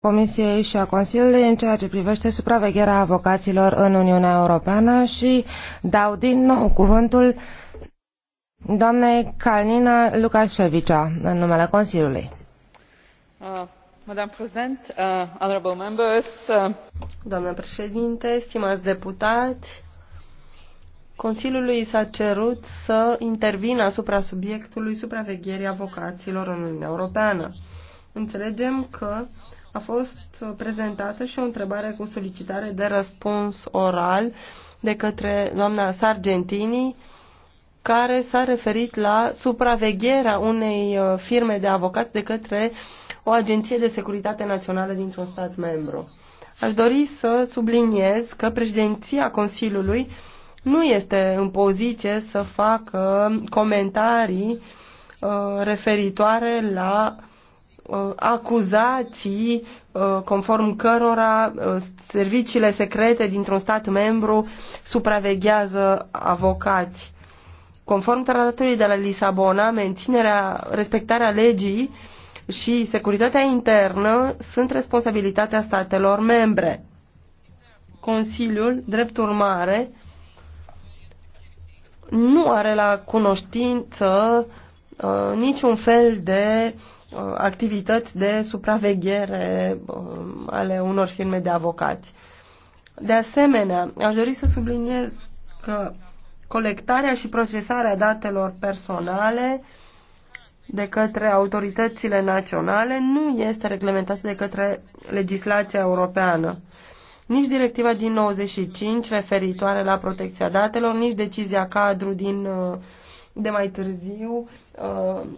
Comisiei și a Consiliului în ceea ce privește supravegherea avocaților în Uniunea Europeană și dau din nou cuvântul doamnei Kalnina Lukashevicea în numele Consiliului. Uh, Madam President, uh, honorable members, uh... Doamnă președinte, stimați deputați, Consiliului s-a cerut să intervină asupra subiectului supravegherii avocaților în Uniunea Europeană. Înțelegem că a fost prezentată și o întrebare cu solicitare de răspuns oral de către doamna Sargentini, care s-a referit la supravegherea unei uh, firme de avocați de către o agenție de securitate națională dintr-un stat membru. Aș dori să subliniez că președinția Consiliului nu este în poziție să facă comentarii uh, referitoare la Uh, acuzații uh, conform cărora uh, serviciile secrete dintr-un stat membru supraveghează avocați. Conform tratatului de la Lisabona, menținerea, respectarea legii și securitatea internă sunt responsabilitatea statelor membre. Consiliul, drept urmare, nu are la cunoștință uh, niciun fel de uh, Uh, activități de supraveghere um, ale unor firme de avocați. De asemenea, aș dori să subliniez că colectarea și procesarea datelor personale de către autoritățile naționale nu este reglementată de către legislația europeană. Nici directiva din 95 referitoare la protecția datelor, nici decizia cadru din uh, de mai târziu uh,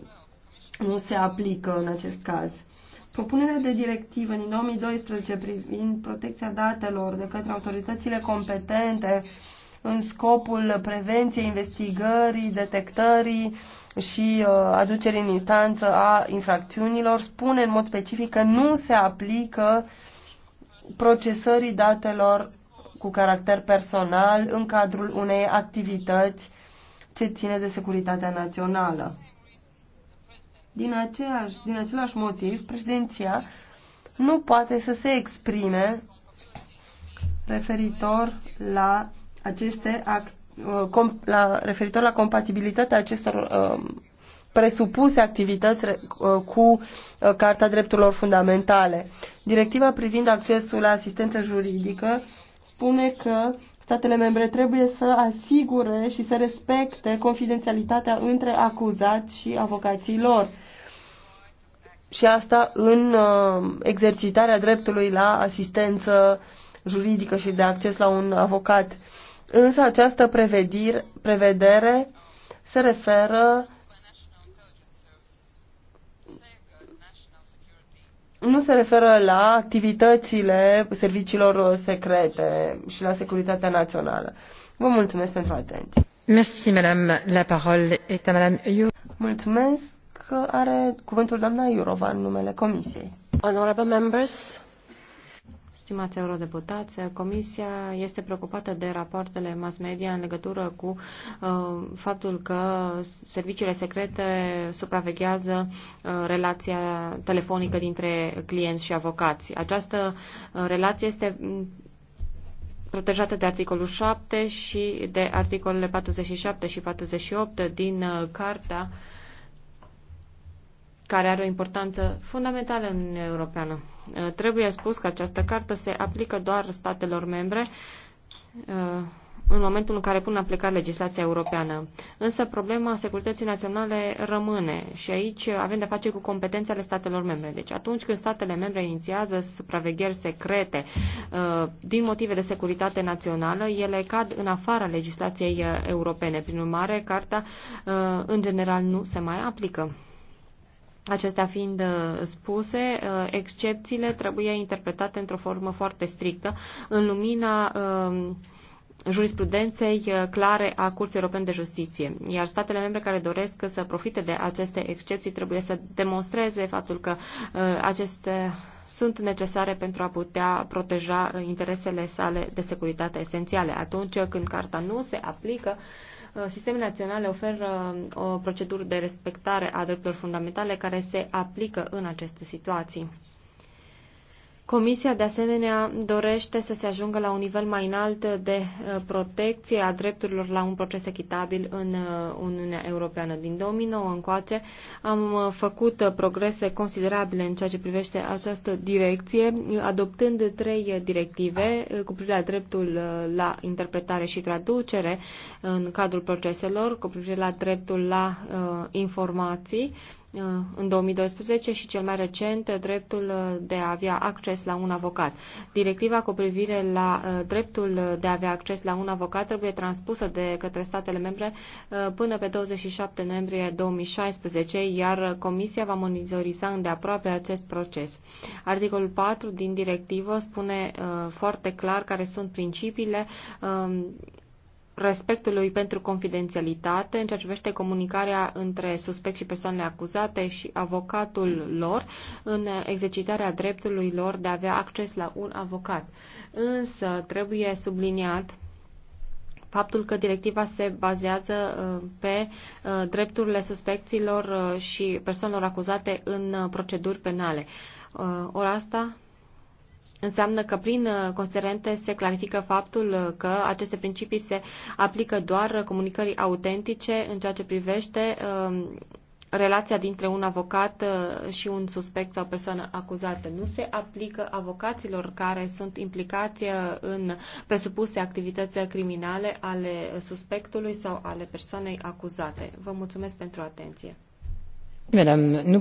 nu se aplică în acest caz. Propunerea de directivă din 2012 privind protecția datelor de către autoritățile competente în scopul prevenției, investigării, detectării și uh, aducerii în instanță a infracțiunilor spune în mod specific că nu se aplică procesării datelor cu caracter personal în cadrul unei activități ce ține de securitatea națională. Din, aceeași, din același motiv, președinția nu poate să se exprime referitor la aceste act, uh, la, referitor la compatibilitatea acestor uh, presupuse activități uh, cu uh, Carta Drepturilor Fundamentale. Directiva privind accesul la asistență juridică spune că statele membre trebuie să asigure și să respecte confidențialitatea între acuzați și avocații lor. Și asta în uh, exercitarea dreptului la asistență juridică și de acces la un avocat. Însă această prevedere se referă nu se referă la activitățile serviciilor secrete și la securitatea națională. Vă mulțumesc pentru atenție. Merci, madame. La parole est à madame Mulțumesc că are cuvântul doamna Iurova în numele Comisiei. Honorable members, Stimați eurodeputați, Comisia este preocupată de rapoartele mass media în legătură cu uh, faptul că serviciile secrete supraveghează uh, relația telefonică dintre clienți și avocați. Această uh, relație este mm, protejată de articolul 7 și de articolele 47 și 48 din uh, Carta care are o importanță fundamentală în Uniunea Europeană. Eh, trebuie spus că această carte se aplică doar statelor membre eh, în momentul în care pun în aplicare legislația europeană. Însă problema securității naționale rămâne și aici avem de face cu competențele statelor membre. Deci atunci când statele membre inițiază supravegheri secrete eh, din motive de securitate națională, ele cad în afara legislației europene. Prin urmare, carta în general nu se mai aplică. Acestea fiind uh, spuse, uh, excepțiile trebuie interpretate într-o formă foarte strictă în lumina um, jurisprudenței uh, clare a Curții Europene de Justiție. Iar statele membre care doresc să profite de aceste excepții trebuie să demonstreze faptul că aceste sunt necesare pentru a putea proteja interesele sale de securitate esențiale. Atunci când carta nu se aplică, Uh, sistemele naționale oferă uh, o procedură de respectare a drepturilor fundamentale care se aplică în aceste situații. Comisia, de asemenea, dorește să se ajungă la un nivel mai înalt de uh, protecție a drepturilor la un proces echitabil în uh, Uniunea Europeană. Din 2009 încoace am uh, făcut progrese considerabile în ceea ce privește această direcție, adoptând trei directive cu privire la dreptul la interpretare și traducere în cadrul proceselor, cu privire la dreptul la informații Uh, în 2012 și cel mai recent uh, dreptul uh, de a avea acces la un avocat. Directiva cu privire la dreptul de a avea acces la un avocat trebuie transpusă de către statele membre până pe 27 noiembrie 2016, iar Comisia va monitoriza îndeaproape acest proces. Articolul 4 din directivă spune foarte clar care sunt principiile um, respectului pentru confidențialitate în ceea ce privește comunicarea între suspect și persoanele acuzate și avocatul lor în exercitarea dreptului lor de a avea acces la un avocat. Însă trebuie subliniat faptul că directiva se bazează uh, pe uh, drepturile suspecților uh, și persoanelor acuzate în proceduri penale. Ora asta Înseamnă că prin uh, considerente se clarifică faptul uh, că aceste principii se aplică doar uh, comunicării autentice în ceea ce privește um, relația dintre un avocat și un suspect sau persoană acuzată. Nu se aplică avocaților care sunt implicați în presupuse activități criminale ale suspectului sau ale persoanei acuzate. Vă mulțumesc pentru atenție. Madame, nu...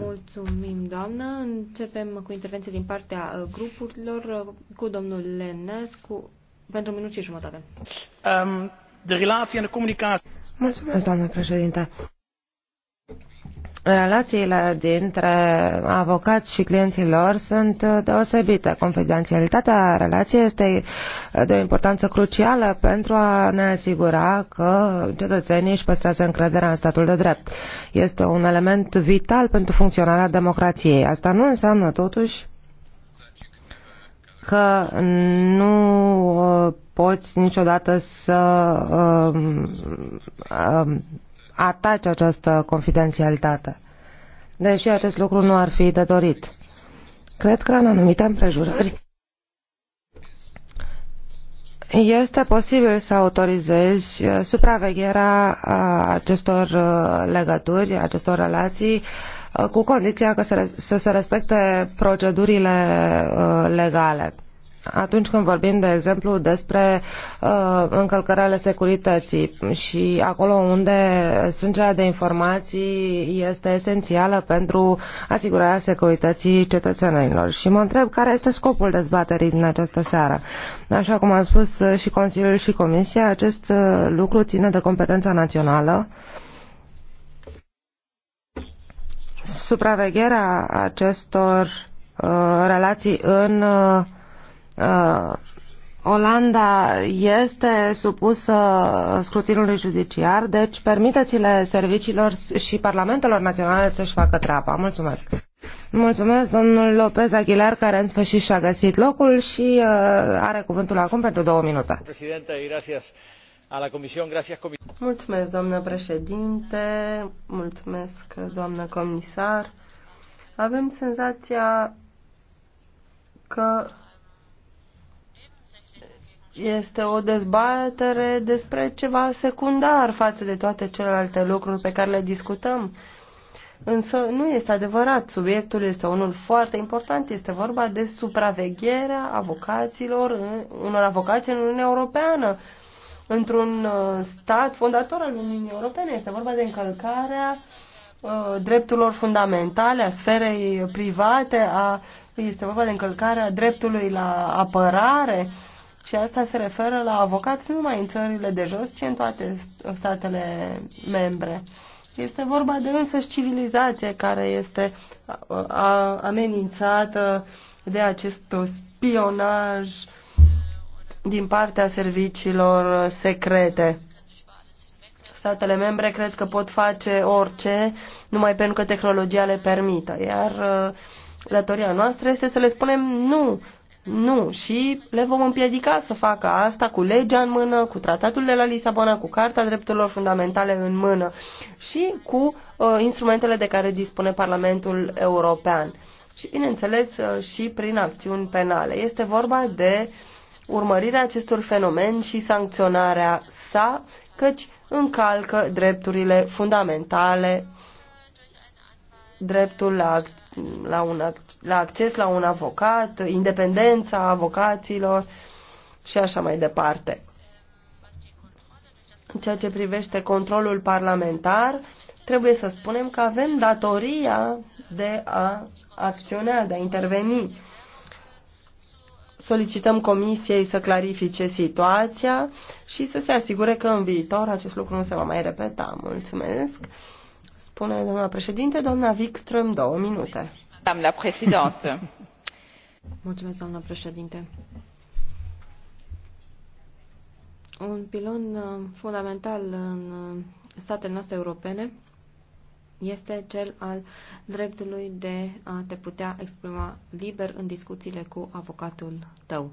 Mulțumim, doamnă. Începem cu intervenții din partea uh, grupurilor uh, cu domnul Lenners cu... pentru un minut și jumătate. Um, de relație în comunicare. Mulțumesc, doamnă președinte. Relațiile dintre avocați și clienții lor sunt deosebite. Confidențialitatea relației este de o importanță crucială pentru a ne asigura că cetățenii își păstrează încrederea în statul de drept. Este un element vital pentru funcționarea democrației. Asta nu înseamnă totuși că nu uh, poți niciodată să uh, uh, ataci această confidențialitate, deși acest lucru nu ar fi de dorit. Cred că în anumite împrejurări este posibil să autorizezi uh, supravegherea uh, acestor uh, legături, acestor relații, cu condiția că să se respecte procedurile legale atunci când vorbim, de exemplu, despre uh, încălcări ale securității și acolo unde strângerea de informații este esențială pentru asigurarea securității cetățenilor. Și mă întreb care este scopul dezbaterii din această seară. Așa cum am spus și Consiliul și Comisia, acest uh, lucru ține de competența națională supravegherea acestor uh, relații în uh, uh, Olanda este supusă scrutinului judiciar, deci permiteți-le serviciilor și parlamentelor naționale să-și facă treaba. Mulțumesc! Mulțumesc, domnul Lopez Aguilar, care în sfârșit și-a găsit locul și uh, are cuvântul acum pentru două minute. Mulțumesc, doamnă președinte, mulțumesc, doamnă comisar. Avem senzația că este o dezbatere despre ceva secundar față de toate celelalte lucruri pe care le discutăm. Însă nu este adevărat. Subiectul este unul foarte important. Este vorba de supravegherea avocaților, unor avocații în Uniunea Europeană, într-un uh, stat fondator al Uniunii Europene. Este vorba de încălcarea uh, drepturilor fundamentale, a sferei private, a, este vorba de încălcarea dreptului la apărare și asta se referă la avocați nu numai în țările de jos, ci în toate statele membre. Este vorba de însăși civilizație care este amenințată de acest spionaj din partea serviciilor secrete. Statele membre cred că pot face orice numai pentru că tehnologia le permită, iar uh, datoria noastră este să le spunem nu, nu, și le vom împiedica să facă asta cu legea în mână, cu tratatul de la Lisabona, cu Carta Drepturilor Fundamentale în mână și cu uh, instrumentele de care dispune Parlamentul European. Și, bineînțeles, uh, și prin acțiuni penale. Este vorba de urmărirea acestor fenomen și sancționarea sa, căci încalcă drepturile fundamentale dreptul la, la, un, la acces la un avocat, independența avocaților și așa mai departe. În ceea ce privește controlul parlamentar, trebuie să spunem că avem datoria de a acționa, de a interveni. Solicităm comisiei să clarifice situația și să se asigure că în viitor acest lucru nu se va mai repeta. Mulțumesc! spune doamna președinte. Doamna Wikström, două minute. Doamna președinte. Mulțumesc, doamna președinte. Un pilon uh, fundamental în uh, statele noastre europene este cel al dreptului de a te putea exprima liber în discuțiile cu avocatul tău.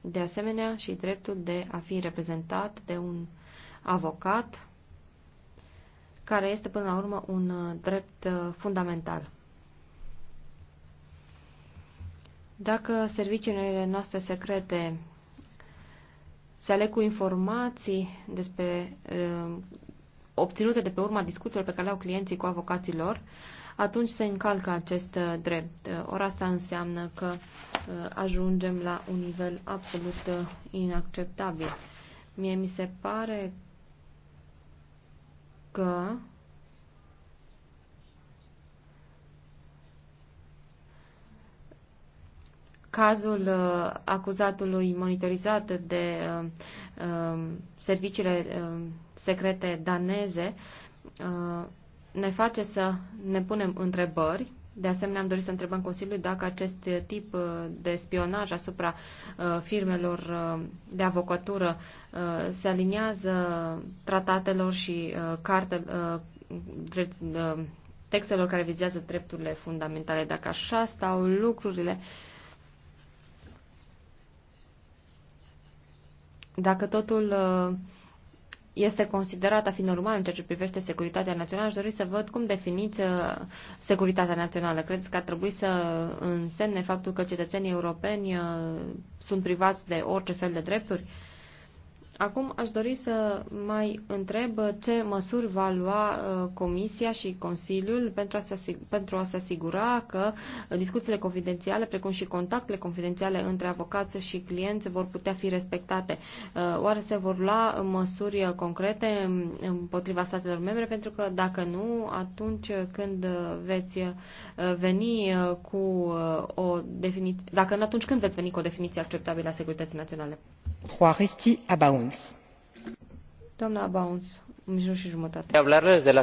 De asemenea, și dreptul de a fi reprezentat de un avocat care este până la urmă un uh, drept uh, fundamental. Dacă serviciile noastre secrete se aleg cu informații despre uh, obținute de pe urma discuțiilor pe care le-au clienții cu avocații lor, atunci se încalcă acest drept. Ori asta înseamnă că ajungem la un nivel absolut inacceptabil. Mie mi se pare că cazul uh, acuzatului monitorizat de uh, uh, serviciile uh, secrete daneze uh, ne face să ne punem întrebări de asemenea, am dorit să întrebăm Consiliul dacă acest tip uh, de spionaj asupra uh, firmelor uh, de avocatură se aliniază tratatelor și textelor care vizează drepturile fundamentale. Dacă așa stau lucrurile, dacă totul uh, este considerat a fi normal în ceea ce privește securitatea națională, aș dori să văd cum definiți uh, securitatea națională. Credeți că ar trebui să însemne faptul că cetățenii europeni uh, sunt privați de orice fel de drepturi? Uh, Acum aș dori să mai întreb ce măsuri va lua uh, Comisia și Consiliul pentru a se pentru a se asigura că discuțiile confidențiale, precum și contactele confidențiale între avocați și clienți vor putea fi respectate. Uh, oare se vor lua măsuri concrete împotriva statelor membre? Pentru că dacă nu, atunci când veți uh, veni cu o definiție, dacă nu, atunci când veți veni cu o definiție acceptabilă a securității naționale? Doamna Bauns, mijloc și jumătate. Hablarles de la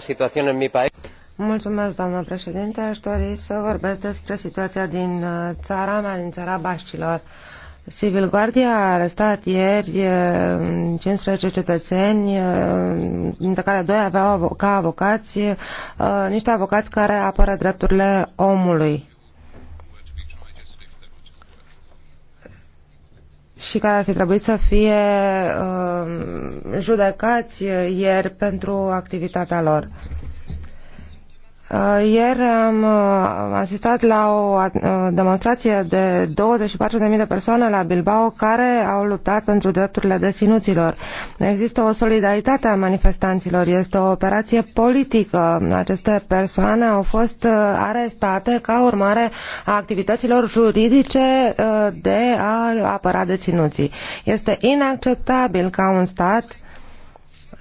mi país. Mulțumesc, doamnă președinte. Aș dori să vorbesc despre situația din uh, țara mea, din țara Bașcilor. Civil Guardia a arestat ieri 15 uh, cetățeni, uh, dintre care doi aveau ca avocați, niște avocați care apără drepturile omului și care ar fi trebuit să fie uh, judecați uh, ieri pentru activitatea lor. Uh, ieri am uh, asistat la o uh, demonstrație de 24.000 de persoane la Bilbao care au luptat pentru drepturile deținuților. Există o solidaritate a manifestanților, este o operație politică. Aceste persoane au fost arestate ca urmare a activităților juridice de a apăra deținuții. Este inacceptabil ca un stat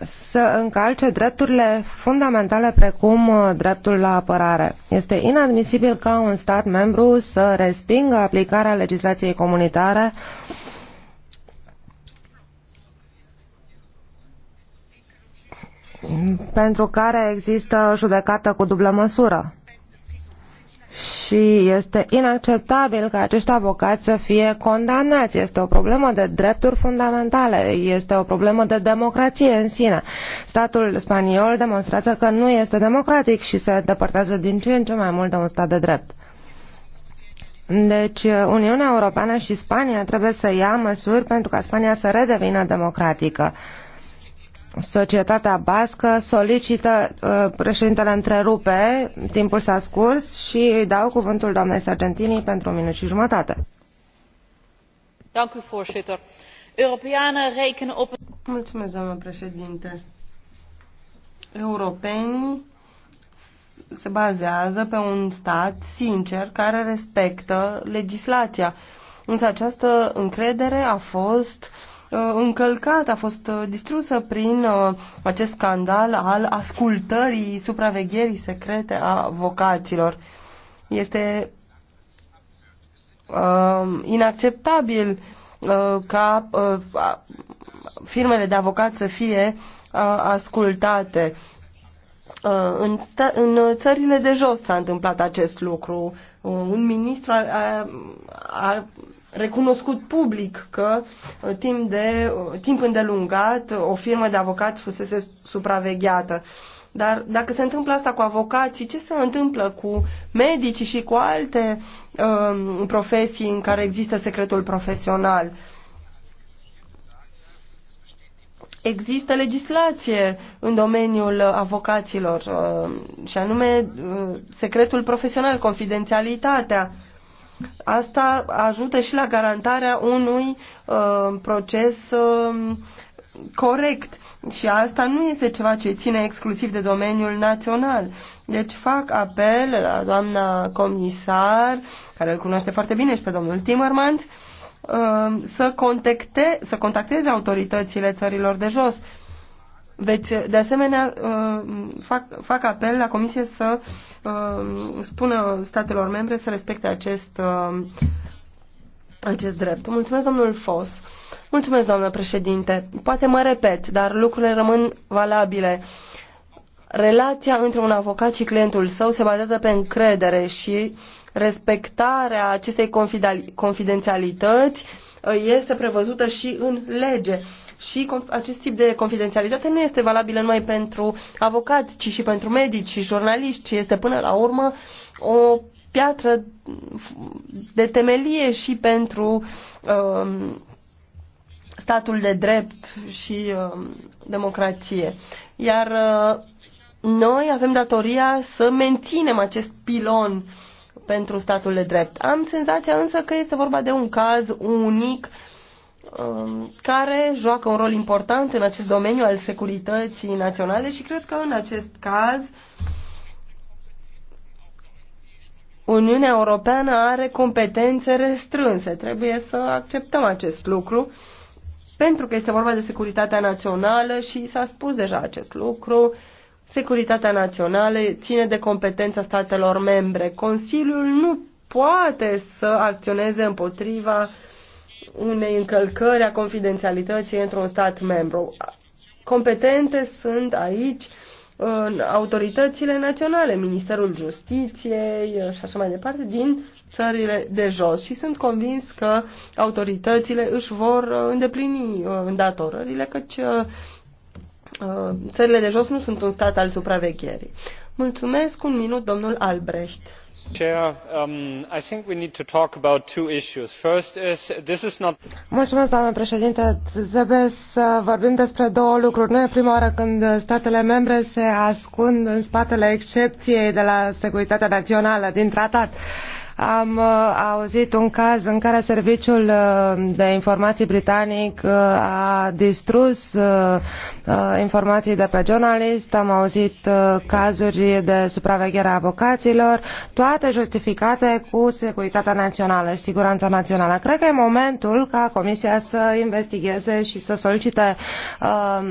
să încalce drepturile fundamentale precum uh, dreptul la apărare. Este inadmisibil ca un stat membru să respingă aplicarea legislației comunitare pentru care există judecată cu dublă măsură și este inacceptabil ca acești avocați să fie condamnați. Este o problemă de drepturi fundamentale, este o problemă de democrație în sine. Statul spaniol demonstrează că nu este democratic și se depărtează din ce în ce mai mult de un stat de drept. Deci Uniunea Europeană și Spania trebuie să ia măsuri pentru ca Spania să redevină democratică. Uh, societatea bască solicită, uh, președintele întrerupe, timpul s-a scurs și îi dau cuvântul doamnei Sargentini pentru un minut și jumătate. Mulțumesc, doamnă președinte. Europenii se bazează pe un stat sincer care respectă legislația. Însă această încredere a fost uh, Uh, încălcat, a fost uh, distrusă prin uh, acest scandal al ascultării, supravegherii secrete a vocaților. Este inacceptabil ca firmele de avocați să fie ascultate. În, în țările de jos s-a întâmplat acest lucru. Un ministru a, a, a recunoscut public că uh, timp, de, uh, timp îndelungat o firmă de avocați fusese supravegheată. Dar dacă se întâmplă asta cu avocații, ce se întâmplă cu medicii și cu alte uh, profesii în care există secretul profesional? Există legislație în domeniul avocaților uh, și anume uh, secretul profesional, confidențialitatea. Uh, Asta ajută și la garantarea unui uh, proces uh, corect. Și asta nu este ceva ce ține exclusiv de domeniul național. Deci fac apel la doamna comisar, care îl cunoaște foarte bine și pe domnul Timmermans, um, să, contacte, să contacteze autoritățile țărilor de jos. Deci, de asemenea, uh, fac, fac apel la comisie să Um, spună statelor membre să respecte acest, um, acest drept. Mulțumesc, domnul Fos. Mulțumesc, doamnă președinte. Poate mă repet, dar lucrurile rămân valabile. Relația între un avocat și clientul său se bazează pe încredere și respectarea acestei confidențialități uh, este prevăzută și în lege și acest tip de confidențialitate nu este valabilă numai pentru avocați, ci și pentru medici și jurnaliști, ci este până la urmă o piatră de temelie și pentru um, statul de drept și um, democrație. Iar uh, noi avem datoria să menținem acest pilon pentru statul de drept. Am senzația însă că este vorba de un caz unic Um, care joacă un rol important în acest domeniu al securității naționale și cred că în acest caz Uniunea Europeană are competențe restrânse. Trebuie să acceptăm acest lucru pentru că este vorba de securitatea națională și s-a spus deja acest lucru. Securitatea națională ține de competența statelor membre. Consiliul nu poate să acționeze împotriva uh, unei încălcări a confidențialității într-un stat membru. Competente sunt aici autoritățile naționale, Ministerul Justiției uh, și așa mai departe, din țările de jos. Și sunt convins că autoritățile își vor uh, îndeplini uh, îndatorările, căci țările de jos nu sunt un stat al supravegherii. Mulțumesc un minut, domnul Albrecht. Mulțumesc, doamnă președinte trebuie să vorbim despre două lucruri. nu e prima oară când statele membre se ascund în spatele excepției de la securitatea națională din tratat. Am uh, auzit un caz în care serviciul uh, de informații britanic uh, a distrus informații de pe jurnalist, am auzit cazuri de supraveghere a avocaților, toate justificate cu securitatea națională și siguranța națională. Cred că e momentul ca Comisia să investigheze și să solicite um,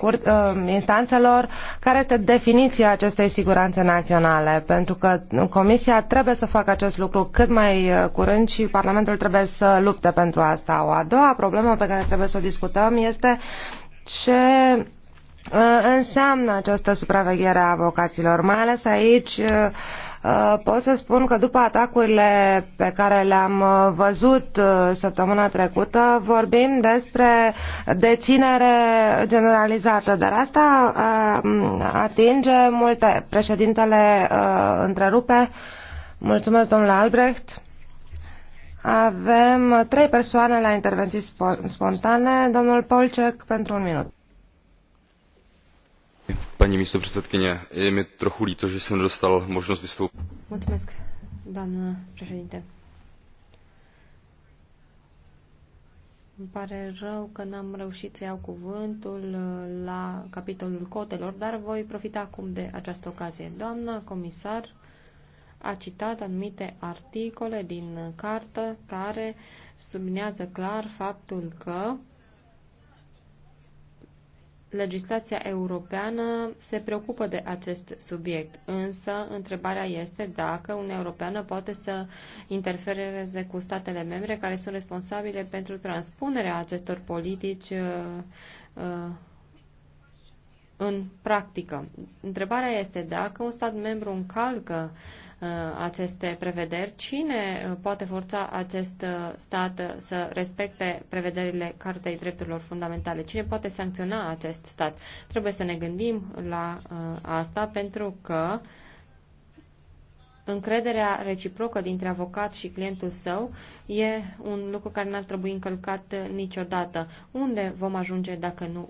um, instanțelor care este definiția acestei siguranțe naționale, pentru că Comisia trebuie să facă acest lucru lucru cât mai uh, curând și Parlamentul trebuie să lupte pentru asta. O a doua problemă pe care trebuie să o discutăm este ce uh, înseamnă această supraveghere a avocaților, mai ales aici uh, pot să spun că după atacurile pe care le-am văzut săptămâna trecută, vorbim despre deținere generalizată, dar asta atinge multe. Președintele întrerupe. Mulțumesc, domnule Albrecht. Avem trei persoane la intervenții spontane. Domnul Polcek, pentru un minut. Pani místo předsedkyně, e mi trochu lito, že jsem dostal možnost vystoupit. Mulțumesc, doamnă președinte. Îmi pare rău că n-am reușit să iau cuvântul uh, la capitolul cotelor, dar voi profita acum de această ocazie. Doamna comisar, a citat anumite articole din cartă care sublinează clar faptul că legislația europeană se preocupă de acest subiect, însă întrebarea este dacă Uniunea Europeană poate să interfereze cu statele membre care sunt responsabile pentru transpunerea acestor politici uh, uh, în practică. Întrebarea este dacă un stat membru încalcă uh, Uh, aceste prevederi, cine uh, poate forța acest uh, stat să respecte prevederile Cartei Drepturilor Fundamentale? Cine poate sancționa acest stat? Trebuie să ne gândim la asta pentru că încrederea reciprocă dintre avocat și clientul său e un lucru care n-ar trebui încălcat niciodată. Unde vom ajunge dacă nu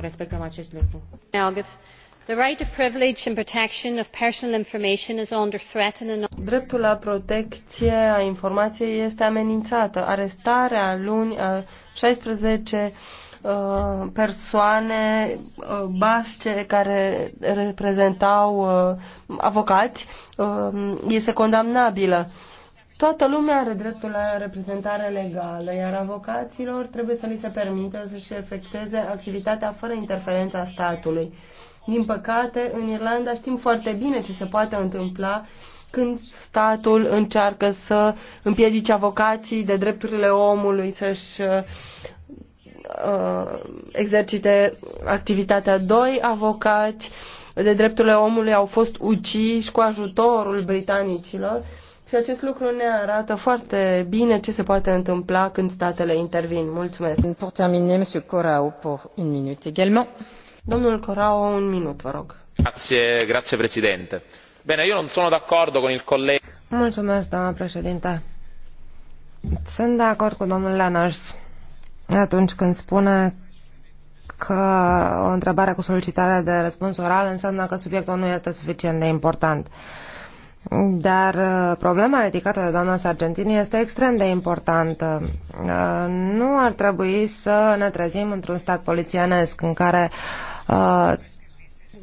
respectăm acest lucru? The right of privilege and protection of personal information is under threat in a an... Dreptul la protecție a informației este amenințată. Arestarea luni a 16 persoane basce care reprezentau avocați este condamnabilă. Toată lumea are dreptul la reprezentare legală, iar avocaților trebuie să li se permită să-și efecteze activitatea fără interferența statului. Din păcate, în Irlanda știm foarte bine ce se poate întâmpla când statul încearcă să împiedice avocații de drepturile omului să-și uh, uh, exercite activitatea. Doi avocați de drepturile omului au fost uciși cu ajutorul britanicilor și acest lucru ne arată foarte bine ce se poate întâmpla când statele intervin. Mulțumesc. Pour terminer, pour une minute également. Domnul Corao, un minut, vă rog. Grazie, grazie Presidente. Bene, eu nu sunt d'accordo con il collega. Mulțumesc, doamna președinte. Sunt de acord cu domnul Lenners atunci când spune că o întrebare cu solicitare de răspuns oral înseamnă că subiectul nu este suficient de important. Dar uh, problema ridicată de doamna Sargentini este extrem de importantă. Uh, nu ar trebui să ne trezim într-un stat polițienesc în care uh, Uh,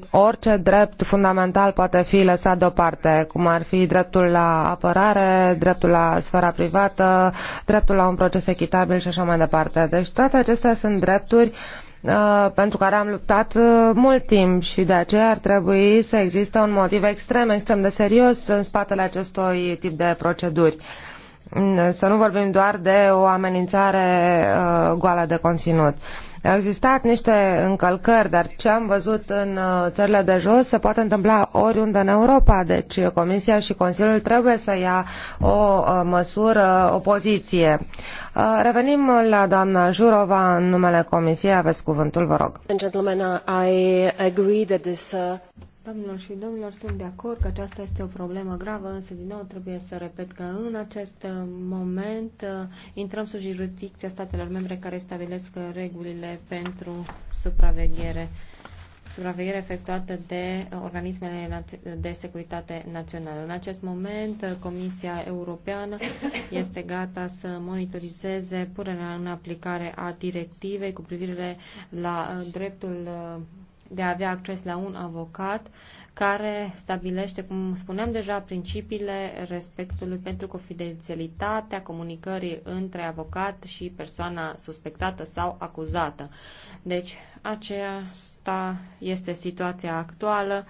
orice drept fundamental poate fi lăsat deoparte, cum ar fi dreptul la apărare, dreptul la sfera privată, dreptul la un proces echitabil și așa mai departe. Deci toate acestea sunt drepturi uh, pentru care am luptat uh, mult timp și de aceea ar trebui să existe un motiv extrem, extrem de serios în spatele acestui tip de proceduri. Mm, să nu vorbim doar de o amenințare goală de conținut. Au existat niște încălcări, dar ce am văzut în uh, țările de jos se poate întâmpla oriunde în Europa. Deci Comisia și Consiliul trebuie să ia o uh, măsură, o poziție. Uh, revenim la doamna Jurova în numele Comisiei. Aveți cuvântul, vă rog. Domnilor și domnilor, sunt de acord că aceasta este o problemă gravă, însă din nou trebuie să repet că în acest uh, moment uh, intrăm sub jurisdicția statelor membre care stabilesc uh, regulile pentru supraveghere supraveghere efectuată de organismele de securitate națională. În acest moment, Comisia Europeană este gata să monitorizeze punerea în aplicare a directivei cu privire la dreptul de a avea acces la un avocat care stabilește, cum spuneam deja, principiile respectului pentru confidențialitatea comunicării între avocat și persoana suspectată sau acuzată. Deci, aceasta este situația actuală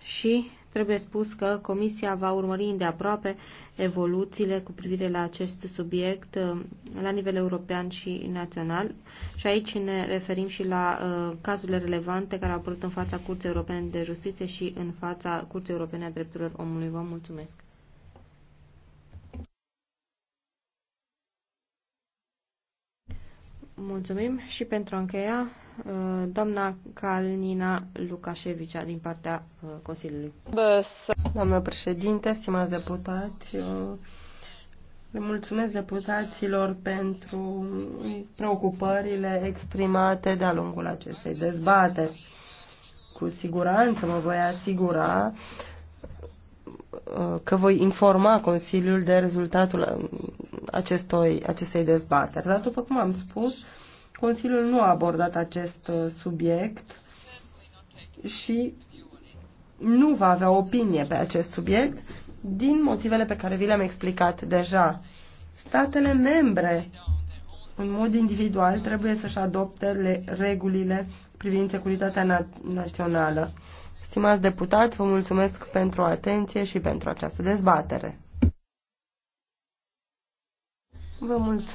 și Trebuie spus că Comisia va urmări îndeaproape evoluțiile cu privire la acest subiect uh, la nivel european și național și aici ne referim și la uh, cazurile relevante care au apărut în fața Curții Europene de Justiție și în fața Curții Europene a Drepturilor Omului. Vă mulțumesc! Mulțumim și pentru a încheia, uh, doamna Calnina Lukașevica din partea uh, Consiliului. Doamna președinte, stimați deputați, le mulțumesc deputaților pentru preocupările exprimate de-a lungul acestei dezbate. Cu siguranță mă voi asigura uh, că voi informa Consiliul de rezultatul acestui, acestei dezbateri. Dar, după cum am spus, Consiliul nu a abordat acest uh, subiect și nu va avea opinie pe acest subiect din motivele pe care vi le-am explicat deja. Statele membre, în mod individual, trebuie să-și adopte le, regulile privind securitatea na- națională. Stimați deputați, vă mulțumesc pentru atenție și pentru această dezbatere. Vă mulțumesc.